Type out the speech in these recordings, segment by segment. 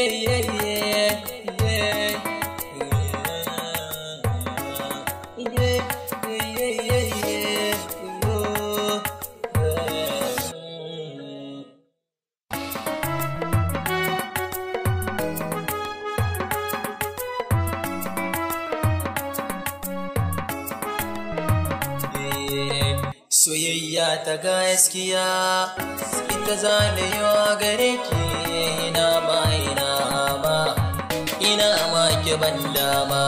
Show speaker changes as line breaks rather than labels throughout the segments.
yeah, yeah, yeah. Soyayya ta gaskiya ita zane yawa gare ki na bayana ke ban dama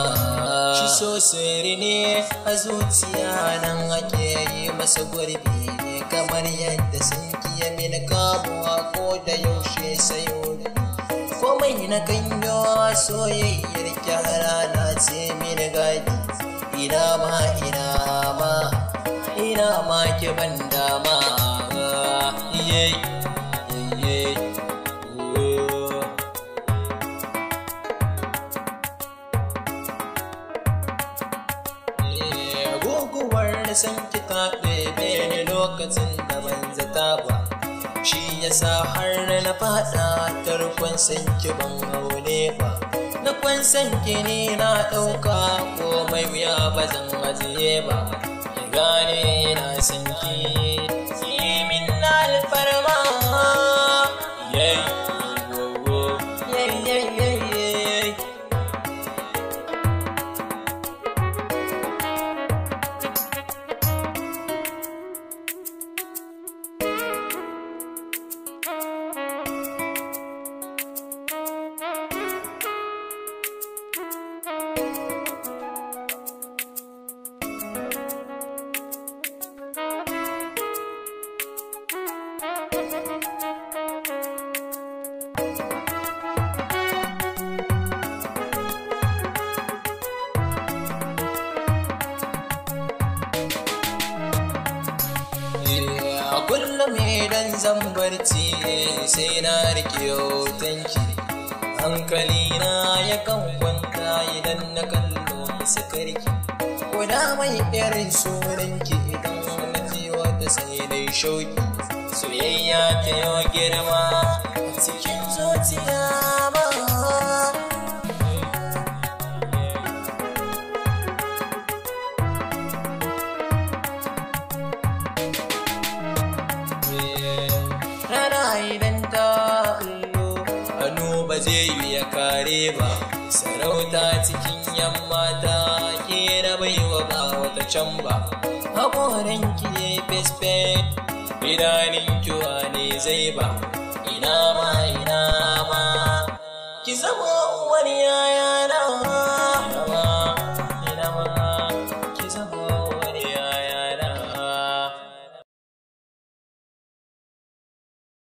shi so sirri ne a zuciya nan ake yi masa gurbi kamar yadda sun kiya mini kamuwa ko da yaushe sai wuri komai na kanyo soyayyar kyara na ce mini gadi ina ma ina ma ina ma ki ban dama san kika ɗebe ni lokacin da ban zata ba shi yasa har na faɗa tarkon san ki ban aure ba na kwan san ki ne na ɗauka komai wuya ba zan ajiye ba ki gane na san ki zan barci sai na rike hotonki hankali na ya kan kwanta idan na kallo sakarki guda mai irin sunanki idan na ji wata sai dai shauki soyayya ta yau girma cikin zai ya kare ba sarauta cikin mata ke na baiwa ba wata can ba haƙoran ki ne fesfet biranin kiwa ne zai ba ina ma ina ma ki zama uwar ma.